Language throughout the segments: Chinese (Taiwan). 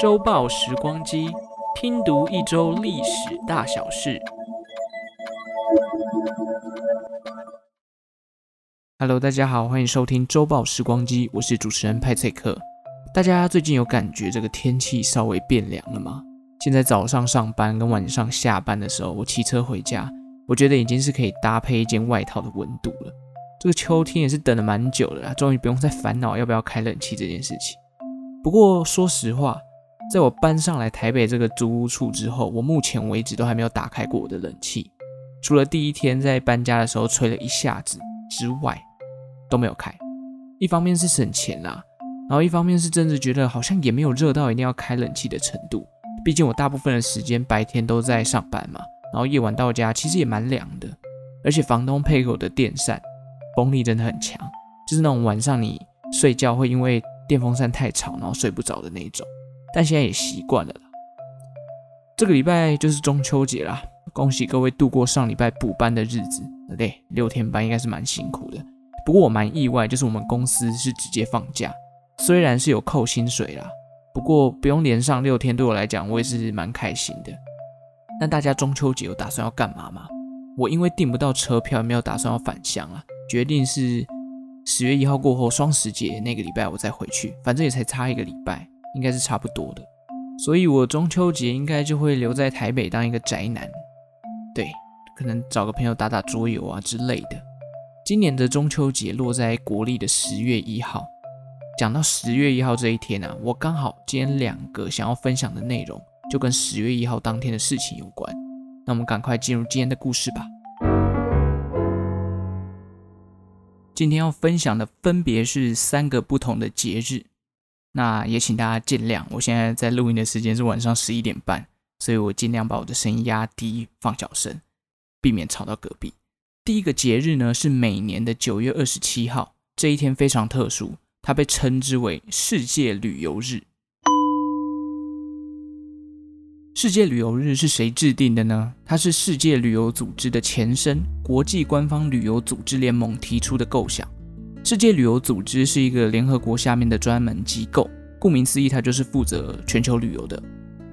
週報時光機，拼讀一周歷史大小事。Hello，大家好，歡迎收聽週報時光機，我是主持人派翠克。大家最近有感覺這個天氣稍微變涼了嗎？現在早上上班跟晚上下班的時候，我騎車回家，我覺得已經是可以搭配一件外套的溫度了。這個秋天也是等了蠻久的啊，終於不用再煩惱要不要開冷氣這件事情。不過說實話，在我搬上來台北這個租屋處之後，我目前為止都還沒有打開過我的冷氣，除了第一天在搬家的時候吹了一下子之外，都沒有開。一方面是省錢啦，啊，然後一方面是真的覺得好像也沒有熱到一定要開冷氣的程度。畢竟我大部分的時間白天都在上班嘛，然後夜晚到家其實也蠻涼的，而且房東配給我的電扇。風力真的很強，就是那種晚上你睡覺會因為電風扇太吵，然後睡不着的那種。但現在也習慣了。這個禮拜就是中秋節啦。恭喜各位度過上禮拜補班的日子。對，六天班應該是蠻辛苦的。不過我蠻意外，就是我們公司是直接放假，雖然是有扣薪水啦，不過不用連上六天，對我來講我也是蠻開心的。那大家中秋節有打算要幹嘛嗎？我因為訂不到車票，沒有打算要返鄉啊。決定是十月一號過後，雙十節那個禮拜我再回去，反正也才差一個禮拜，應該是差不多的。所以，我中秋節應該就會留在台北當一個宅男，對，可能找個朋友打打桌遊啊之類的。今年的中秋節落在國曆的十月一號。講到十月一號這一天啊，我剛好今天兩個想要分享的內容就跟十月一號當天的事情有關，那我們趕快進入今天的故事吧。今天要分享的分別是三個不同的節日，那也請大家見諒。我現在在錄音的時間是晚上十一點半，所以我盡量把我的聲音壓低，放小聲，避免吵到隔壁。第一個節日呢，是每年的九月二十七號，這一天非常特殊，它被稱之為世界旅遊日。世界旅遊日是誰制定的呢？它是世界旅遊組織的前身——國際官方旅遊組織聯盟提出的構想。世界旅遊組織是一個聯合國下面的專門機構，顧名思義，它就是負責全球旅遊的。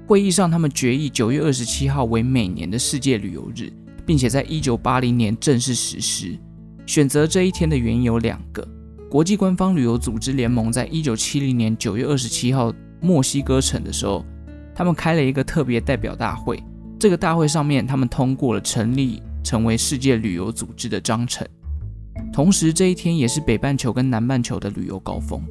會議上，他們決議九月二十七號為每年的世界旅遊日，並且在一九八零年正式實施。選擇這一天的原因有兩個，國際官方旅遊組織聯盟在一九七零年九月二十七號墨西哥城的時候。他們開了一個特別代表大會，這個大會上面，他們通過了成立成為世界旅遊組織的章程。同時，這一天也是北半球跟南半球的旅遊高峰。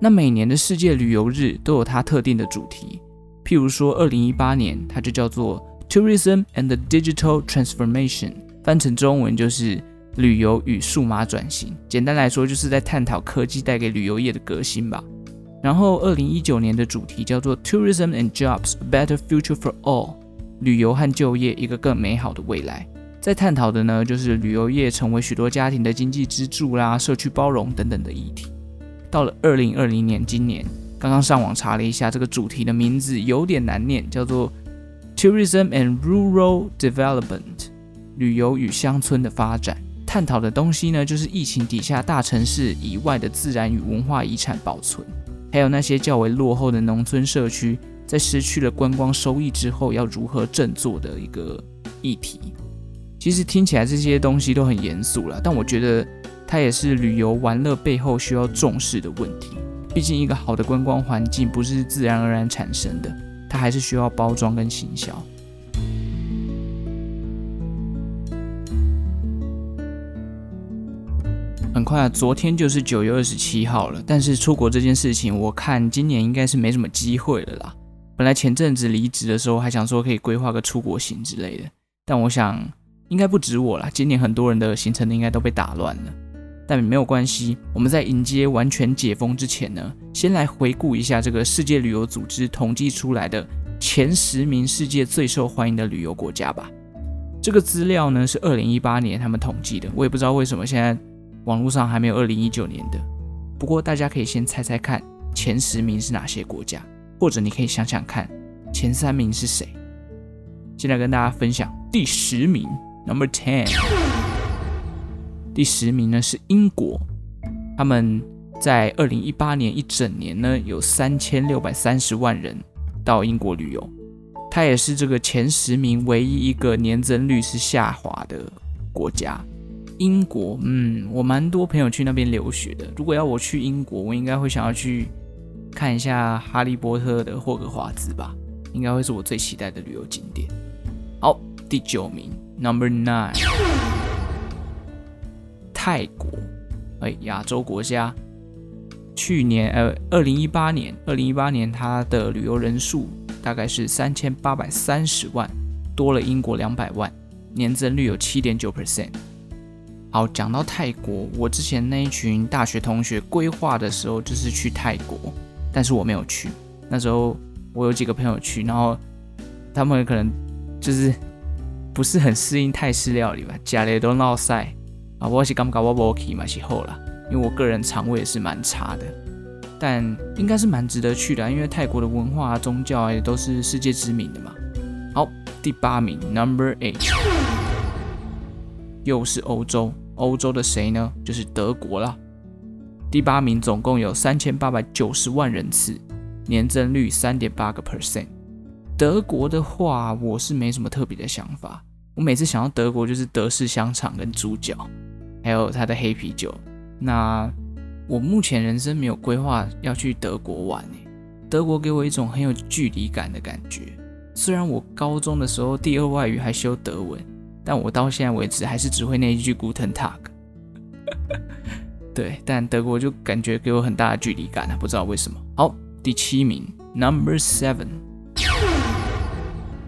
那每年的世界旅遊日都有它特定的主題，譬如說，二零一八年它就叫做 Tourism and the Digital Transformation，翻成中文就是旅遊與數碼轉型。簡單來說，就是在探討科技帶給旅遊業的革新吧。然後，二零一九年的主題叫做 Tourism and Jobs, A Better Future for All，旅遊和就業，一個更美好的未來。在探討的呢，就是旅遊業成為許多家庭的經濟支柱啦，社區包容等等的議題。到了二零二零年，今年剛剛上網查了一下這個主題的名字，有點難念，叫做 Tourism and Rural Development，旅遊與鄉村的發展。探討的東西呢，就是疫情底下大城市以外的自然與文化遺產保存。還有那些較為落後的農村社區，在失去了觀光收益之後，要如何振作的一個議題。其實聽起來這些東西都很嚴肅了，但我覺得它也是旅遊玩樂背後需要重視的問題。畢竟一個好的觀光環境不是自然而然產生的，它還是需要包裝跟行銷。很快，昨天就是九月二十七號了。但是出國這件事情，我看今年應該是沒什麼機會了啦。本來前陣子離職的時候，還想說可以規劃個出國行之類的，但我想應該不止我啦。今年很多人的行程應該都被打亂了，但沒有關係。我們在迎接完全解封之前呢，先來回顧一下這個世界旅遊組織統計出來的前十名世界最受歡迎的旅遊國家吧。這個資料呢是二零一八年他們統計的，我也不知道為什麼現在。網絡上還沒有二零一九年的，不過大家可以先猜猜看前十名是哪些國家，或者你可以想想看前三名是誰。現在跟大家分享第十名，Number Ten。第十名呢是英國，他們在二零一八年一整年呢有三千六百三十萬人到英國旅遊，它也是這個前十名唯一一個年增率是下滑的國家。英國，嗯，我蠻多朋友去那邊留學的。如果要我去英國，我應該會想要去看一下《哈利波特》的霍格華茲吧，應該會是我最期待的旅遊景點。好，第九名，Number Nine，泰國，哎、欸，亞洲國家，去年，呃，二零一八年，二零一八年它的旅遊人數大概是三千八百三十萬，多了英國兩百萬，年增率有七點九 percent。好，講到泰國，我之前那一群大學同學規劃的時候就是去泰國，但是我沒有去。那時候我有幾個朋友去，然後他們可能就是不是很適應泰式料理吧，家裡都鬧塞啊，我是感覺我不會嘛，氣候啦，因為我個人腸胃也是蠻差的。但應該是蠻值得去的，因為泰國的文化、宗教也都是世界知名的嘛。好，第八名，Number Eight。又是歐洲，歐洲的誰呢？就是德國啦。第八名，總共有三千八百九十萬人次，年增率三點八個 percent。德國的話，我是沒什麼特別的想法。我每次想到德國，就是德式香腸跟豬腳，還有他的黑啤酒。那我目前人生沒有規劃要去德國玩，欸，德國給我一種很有距離感的感覺。雖然我高中的時候第二外語還修德文。但我到現在為止還是只會那一句 Guten Tag。 對，但德國就感覺給我很大的距離感了，不知道為什麼。好，第七名 Number Seven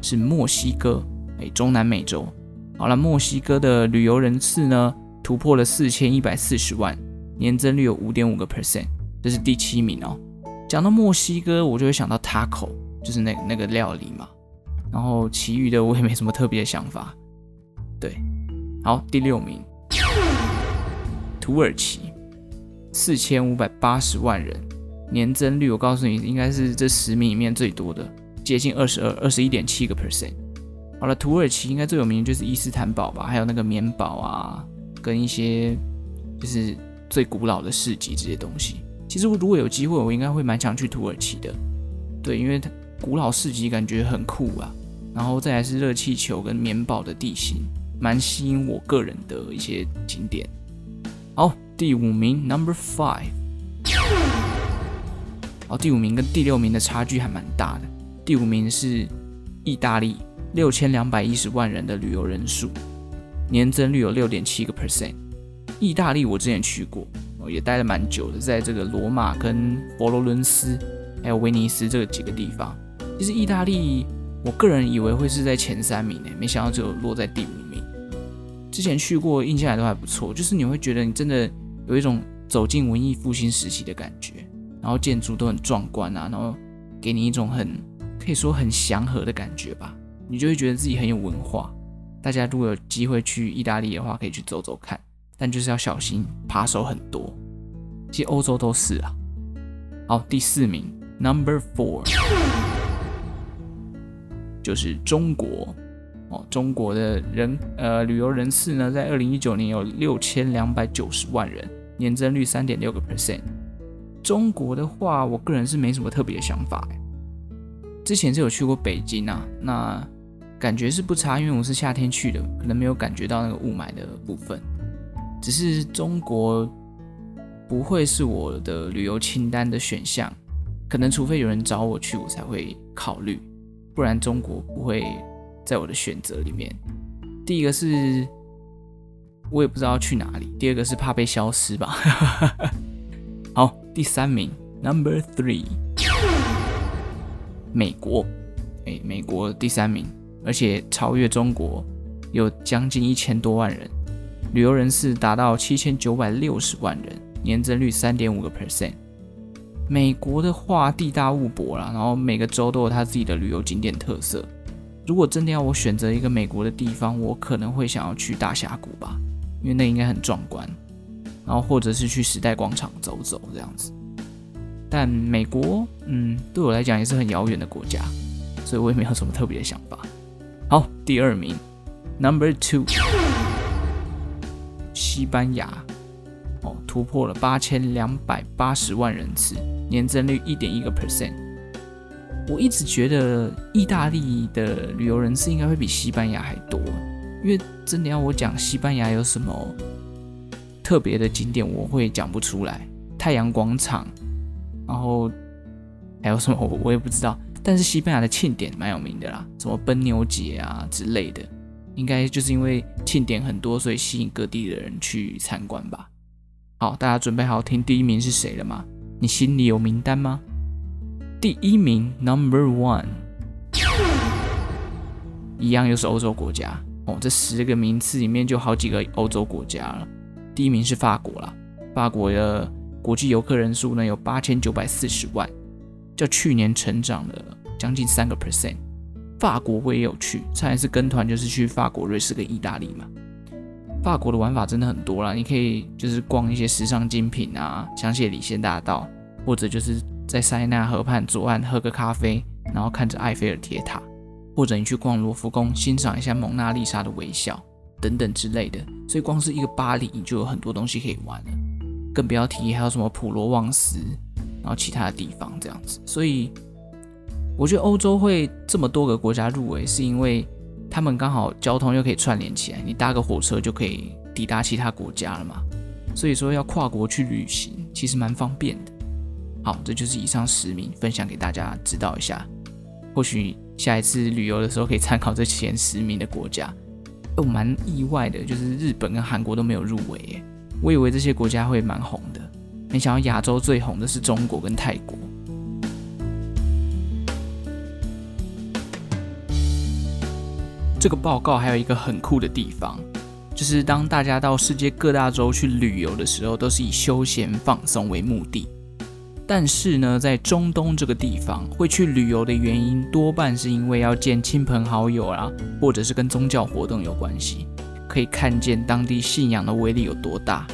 是墨西哥，誒、欸，中南美洲。好了，墨西哥的旅遊人次呢，突破了四千一百四十萬，年增率有五點五個 percent，這是第七名哦、喔。講到墨西哥，我就會想到 Taco，就是那個、那個料理嘛。然後其餘的我也沒什麼特別的想法。好，第六名，土耳其，四千五百八十萬人，年增率我告訴你，應該是這十名裡面最多的，接近二十二，二十一點七個 percent。好了，土耳其應該最有名的就是伊斯坦堡吧，還有那個棉堡啊，跟一些就是最古老的市集這些東西。其實我如果有機會，我應該會蠻想去土耳其的，對，因為它古老市集感覺很酷啊，然後再來是熱氣球跟棉堡的地形。蠻吸引我個人的一些景點。好，第五名，Number Five。No. 好，第五名跟第六名的差距還蠻大的。第五名是意大利，六千兩百一十萬人的旅遊人數，年增率有六點七個 percent。意大利我之前去過，也待了蠻久的，在這個羅馬、跟佛羅倫斯，還有威尼斯這個幾個地方。其實意大利，我個人以為會是在前三名呢、欸，沒想到只有落在第五。之前去過，印象還都還不錯，就是你會覺得你真的有一種走進文藝復興時期的感覺，然後建築都很壯觀啊，然後給你一種很可以說很祥和的感覺吧，你就會覺得自己很有文化。大家如果有機會去意大利的話，可以去走走看，但就是要小心扒手很多，其實歐洲都是啊。好，第四名，Number four，就是中國。哦，中國的人呃，旅遊人次呢，在二零一九年有六千兩百九十萬人，年增率三點六個 percent。中國的話，我個人是沒什麼特別的想法哎。之前是有去過北京啊，那感覺是不差，因為我是夏天去的，可能沒有感覺到那個霧霾的部分。只是中國不會是我的旅遊清單的選項，可能除非有人找我去，我才會考慮，不然中國不會。在我的選擇裡面，第一個是我也不知道去哪裡，第二個是怕被消失吧。 好，第三名，Number Three，美國，欸，美國第三名，而且超越中國，有將近一千多萬人，旅遊人次達到七千九百六十萬人，年增率三點五個 percent。美國的話，地大物博啦，然後每個州都有它自己的旅遊景點特色。如果真的要我選擇一個美國的地方，我可能會想要去大峽谷吧，因為那應該很壯觀。然後或者是去時代廣場走走這樣子。但美國，嗯，對我來講也是很遙遠的國家，所以我也沒有什麼特別的想法。好，第二名，Number Two，西班牙，哦，突破了八千兩百八十萬人次，年增率一點一個 percent。我一直覺得意大利的旅遊人次應該會比西班牙還多，因為真的要我講西班牙有什麼特別的景點，我會講不出來。太陽廣場，然後還有什麼我我也不知道。但是西班牙的慶典蠻有名的啦，什麼奔牛節啊之類的，應該就是因為慶典很多，所以吸引各地的人去參觀吧。好，大家準備好聽第一名是誰了嗎？你心裡有名單嗎？第一名，Number One，一樣又是歐洲國家哦。這十個名次裡面就好幾個歐洲國家了。第一名是法國啦，法國的國際遊客人數呢有八千九百四十萬，較去年成長了將近三個 percent。法國我也有去，上一次跟團就是去法國、瑞士跟意大利嘛。法國的玩法真的很多啦，你可以就是逛一些時尚精品啊，香榭麗舍大道，或者就是。在塞納河畔左岸喝個咖啡，然後看着埃菲爾鐵塔，或者你去逛羅浮宮，欣賞一下蒙娜麗莎的微笑，等等之類的。所以光是一個巴黎你就有很多東西可以玩了，更不要提還有什麼普羅旺斯，然後其他的地方這樣子。所以我覺得歐洲會這麼多個國家入圍，是因為他們剛好交通又可以串聯起來，你搭個火車就可以抵達其他國家了嘛。所以說要跨國去旅行，其實蠻方便的。好，這就是以上十名分享給大家，知道一下。或許下一次旅遊的時候可以參考這前十名的國家。我、哦、蠻意外的，就是日本跟韓國都沒有入圍。我以為這些國家會蠻紅的，沒想到亞洲最紅的是中國跟泰國。這個報告還有一個很酷的地方，就是當大家到世界各大洲去旅遊的時候，都是以休閒放鬆為目的。但是呢，在中東這個地方會去旅遊的原因，多半是因為要見親朋好友啦，或者是跟宗教活動有關係，可以看見當地信仰的威力有多大。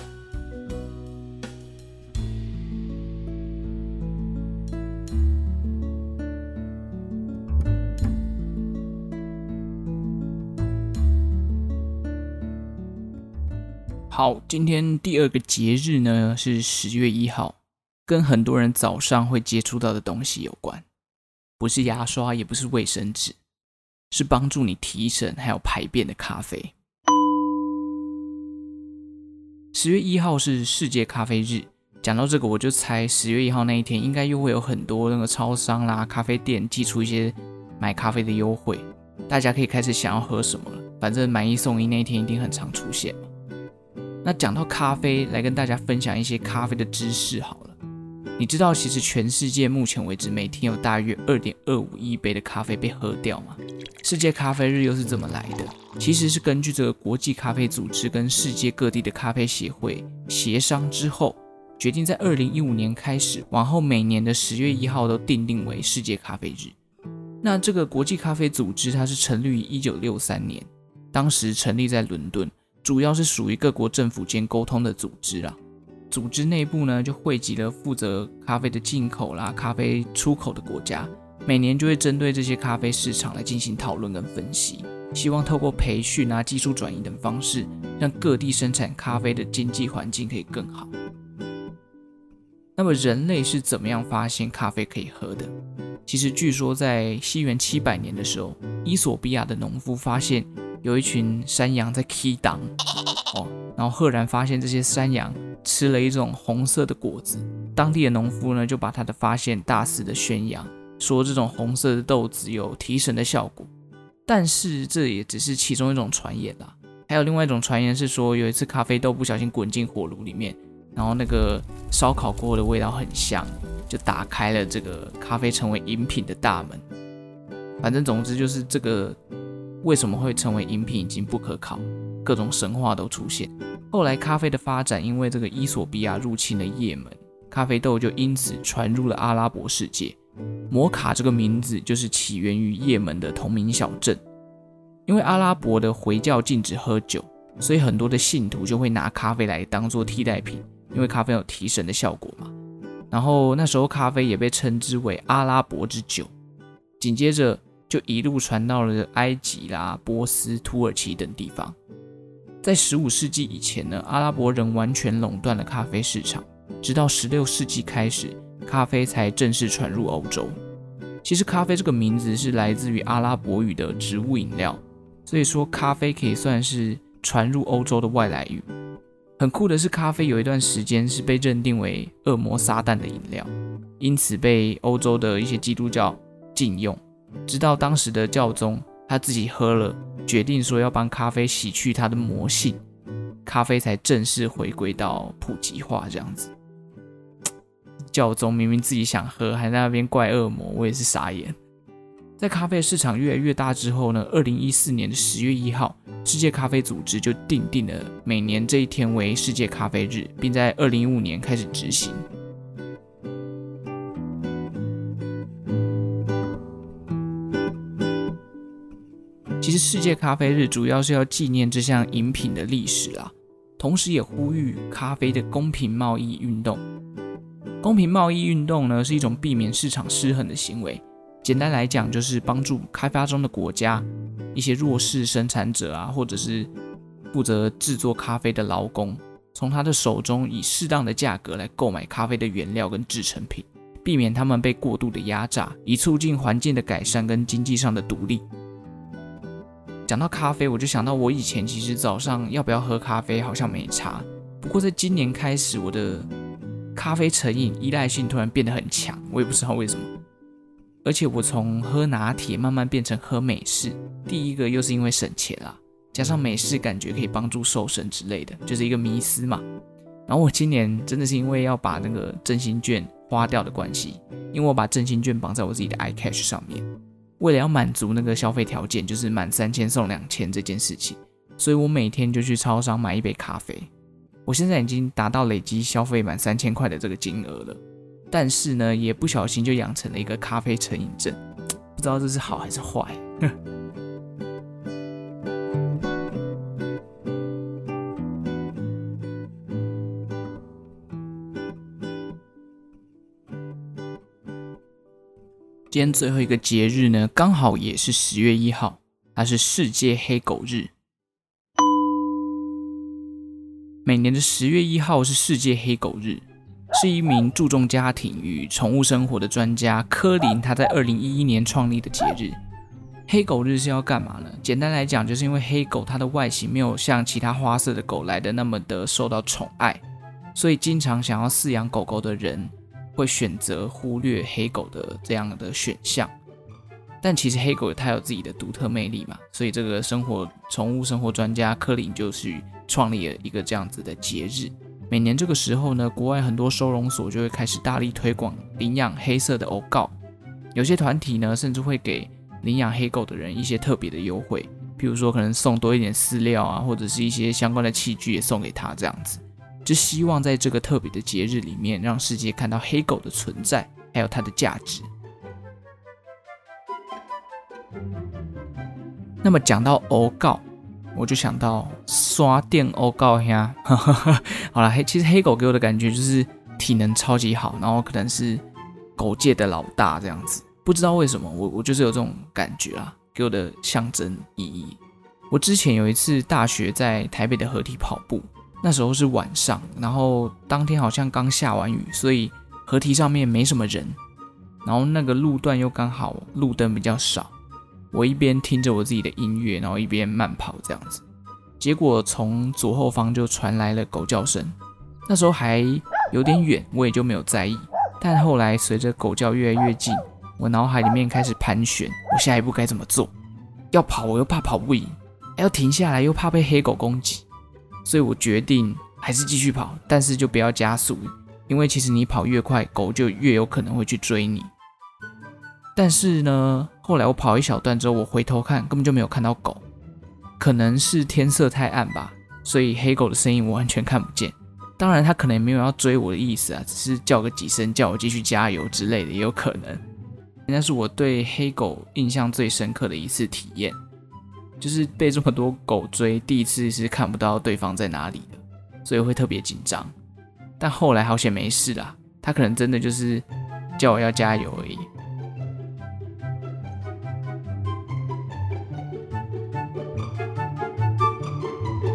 好，今天第二個節日呢是十月一號。跟很多人早上會接觸到的東西有關，不是牙刷，也不是衛生紙，是幫助你提神還有排便的咖啡。十月一號是世界咖啡日，講到這個我就猜十月一號那一天應該又會有很多那個超商啦、咖啡店寄出一些買咖啡的優惠，大家可以開始想要喝什麼了。反正買一送一那一天一定很常出現。那講到咖啡，來跟大家分享一些咖啡的知識，好了。你知道，其實全世界目前為止每天有大約二點二五億杯的咖啡被喝掉嗎？世界咖啡日又是怎麼來的？其實是根據這個國際咖啡組織跟世界各地的咖啡協會協商之後，決定在二零一五年開始，往後每年的十月一號都訂定為世界咖啡日。那這個國際咖啡組織它是成立於一九六三年，當時成立在倫敦，主要是屬於各國政府間溝通的組織啊。組織內部呢，就匯集了負責咖啡的進口啦、咖啡出口的國家，每年就會針對這些咖啡市場來進行討論跟分析，希望透過培訓、啊、技術轉移等方式，讓各地生產咖啡的經濟環境可以更好。那麼，人類是怎麼樣發現咖啡可以喝的？其實據說在西元七百年的時候，伊索比亞的農夫發現有一群山羊在 K 檔，哦，然後赫然發現這些山羊。吃了一種紅色的果子，當地的農夫呢就把他的發現大肆的宣揚，說這種紅色的豆子有提神的效果。但是這也只是其中一種傳言啦，還有另外一種傳言是說有一次咖啡豆不小心滾進火爐裡面，然後那個燒烤鍋的味道很香，就打開了這個咖啡成為飲品的大門。反正總之就是這個。為什麼會成為飲品已經不可考？各種神話都出現。後來咖啡的發展，因為這個伊索比亞入侵了葉門，咖啡豆就因此傳入了阿拉伯世界。摩卡這個名字就是起源於葉門的同名小鎮。因為阿拉伯的回教禁止喝酒，所以很多的信徒就會拿咖啡來當做替代品，因為咖啡有提神的效果嘛。然後那時候咖啡也被稱之為阿拉伯之酒。緊接着。就一路傳到了埃及啦、波斯、土耳其等地方。在十五世紀以前呢，阿拉伯人完全壟斷了咖啡市場。直到十六世紀開始，咖啡才正式傳入歐洲。其實，咖啡這個名字是來自於阿拉伯語的植物飲料，所以說咖啡可以算是傳入歐洲的外來語。很酷的是，咖啡有一段時間是被認定為惡魔撒旦的飲料，因此被歐洲的一些基督教禁用。直到當時的教宗他自己喝了，決定說要幫咖啡洗去它的魔性，咖啡才正式回歸到普及化這樣子。教宗明明自己想喝，還在那邊怪惡魔，我也是傻眼。在咖啡市場越來越大之後呢，二零一四年的十月一號，世界咖啡組織就訂定了每年這一天為世界咖啡日，並在二零一五年開始執行。其實，世界咖啡日主要是要紀念這項飲品的歷史啊，同時也呼籲咖啡的公平貿易運動。公平貿易運動呢，是一種避免市場失衡的行為。簡單來講，就是幫助開發中的國家一些弱勢生產者啊，或者是負責制作咖啡的勞工，從他的手中以適當的價格來購買咖啡的原料跟制成品，避免他們被過度的壓榨，以促進環境的改善跟經濟上的獨立。講到咖啡，我就想到我以前其實早上要不要喝咖啡好像沒差。不過在今年開始，我的咖啡成癮依賴性突然變得很強，我也不知道為什麼。而且我從喝拿鐵慢慢變成喝美式，第一個又是因為省錢啦，加上美式感覺可以幫助瘦身之類的，就是一個迷思嘛。然後我今年真的是因為要把那個振興券花掉的關係，因為我把振興券綁在我自己的 iCash 上面。為了要滿足那個消費條件，就是滿三千送兩千這件事情，所以我每天就去超商買一杯咖啡。我現在已經達到累積消費滿三千塊的這個金額了，但是呢，也不小心就養成了一個咖啡成癮症，不知道這是好還是壞，哼。今天最後一個節日呢，剛好也是十月一號，它是世界黑狗日。每年的十月一號是世界黑狗日，是一名注重家庭與寵物生活的專家柯林他在二零一一年創立的節日。黑狗日是要幹嘛呢？簡單來講，就是因為黑狗它的外形沒有像其他花色的狗來得那麼的受到寵愛，所以經常想要飼養狗狗的人，會選擇忽略黑狗的這樣的選項，但其實黑狗它有自己的獨特魅力嘛，所以這個生活寵物生活專家科林就去創立了一個這樣子的節日。每年這個時候呢，國外很多收容所就會開始大力推廣領養黑色的歐告，有些團體呢，甚至會給領養黑狗的人一些特別的優惠，比如說可能送多一點飼料啊，或者是一些相關的器具也送給他這樣子。就希望在這個特別的節日裡面，讓世界看到黑狗的存在，還有它的價值。那麼講到歐告，我就想到刷電歐告哈。好了，黑其實黑狗給我的感覺就是體能超級好，然後可能是狗界的老大這樣子。不知道為什麼，我我就是有這種感覺啊，給我的象徵意義。我之前有一次大學在台北的河堤跑步。那時候是晚上，然後當天好像剛下完雨，所以河堤上面沒什麼人，然後那個路段又剛好路燈比較少，我一邊聽着我自己的音樂，然後一邊慢跑這樣子。結果從左後方就傳來了狗叫聲，那時候還有點遠，我也就沒有在意。但後來隨着狗叫越來越近，我腦海裡面開始盤旋，我下一步該怎麼做？要跑我又怕跑不贏，要停下來又怕被黑狗攻擊。所以我決定還是繼續跑，但是就不要加速，因為其實你跑越快，狗就越有可能會去追你。但是呢，後來我跑一小段之後，我回頭看，根本就沒有看到狗，可能是天色太暗吧，所以黑狗的身影我完全看不見。當然，它可能也沒有要追我的意思啊，只是叫個幾聲，叫我繼續加油之類的，也有可能。那是我對黑狗印象最深刻的一次體驗。就是被這麼多狗追，第一次是看不到對方在哪裡的，所以會特別緊張。但後來好險沒事啦，他可能真的就是叫我要加油而已。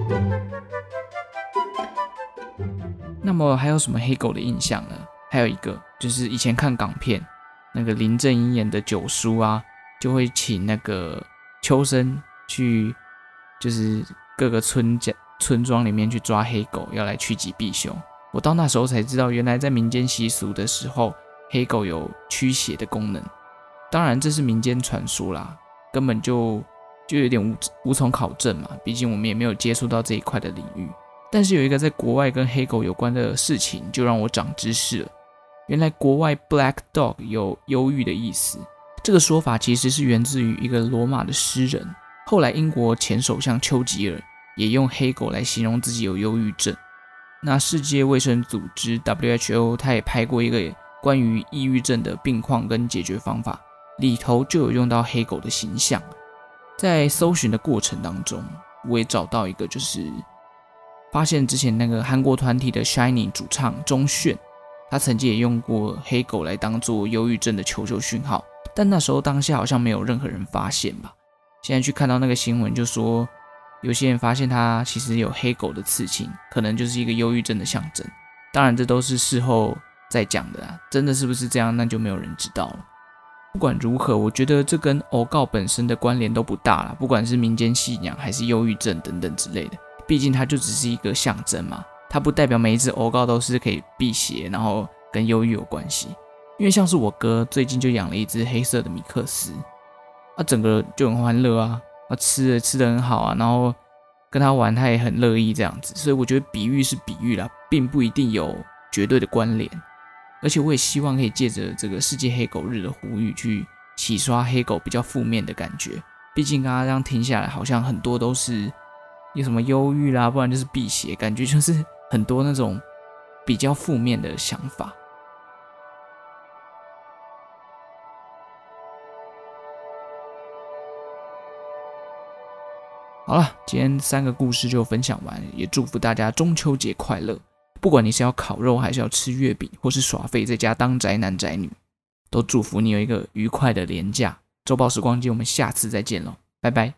那麼還有什麼黑狗的印象呢？還有一個就是以前看港片，那個林正英演的九叔啊，就會請那個秋生。去就是各個村家村莊裡面去抓黑狗，要來趨吉避凶。我到那時候才知道，原來在民間習俗的時候，黑狗有驅邪的功能。當然，這是民間傳說啦，根本就就有點無無從考證嘛。畢竟我們也沒有接觸到這一塊的領域。但是有一個在國外跟黑狗有關的事情，就讓我長知識了。原來國外 Black Dog 有憂鬱的意思。這個說法其實是源自於一個羅馬的詩人。後來，英國前首相丘吉爾也用“黑狗”來形容自己有憂鬱症。那世界衛生組織 （WHO） 他也拍過一個關於抑鬱症的病況跟解決方法，裡頭就有用到黑狗的形象。在搜尋的過程當中，我也找到一個，就是發現之前那個韓國團體的 SHINee 主唱鐘鉉，他曾經也用過黑狗來當作憂鬱症的求救訊號，但那時候當下好像沒有任何人發現吧。現在去看到那個新聞，就說有些人發現他其實有黑狗的刺青，可能就是一個憂鬱症的象徵。當然，這都是事後在講的啦，真的是不是這樣，那就沒有人知道了。不管如何，我覺得這跟歐告本身的關聯都不大啦。不管是民間信仰，還是憂鬱症等等之類的，畢竟它就只是一個象徵嘛，它不代表每一隻歐告都是可以辟邪，然後跟憂鬱有關係。因為像是我哥最近就養了一隻黑色的米克斯。他整個就很歡樂啊，啊，吃的吃的很好啊，然後跟他玩，他也很樂意這樣子，所以我覺得比喻是比喻啦，並不一定有絕對的關聯。而且我也希望可以借着這個世界黑狗日的呼籲，去洗刷黑狗比較負面的感覺。畢竟剛剛這樣聽下來，好像很多都是有什麼憂鬱啦，不然就是辟邪，感覺就是很多那種比較負面的想法。好了，今天三個故事就分享完，也祝福大家中秋節快樂。不管你是要烤肉，還是要吃月餅，或是耍廢在家當宅男宅女，都祝福你有一個愉快的連假。週報時光機，我們下次再見嘍，拜拜。